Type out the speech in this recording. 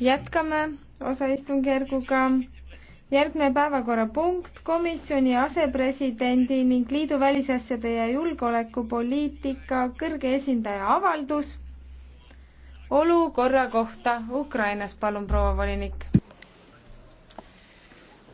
jätkame osaistungjärguga. järgmine päevakorrapunkt komisjoni asepresidendi ning liidu välisasjade ja julgeolekupoliitika kõrge esindaja avaldus olukorra kohta Ukrainas, palun, proua volinik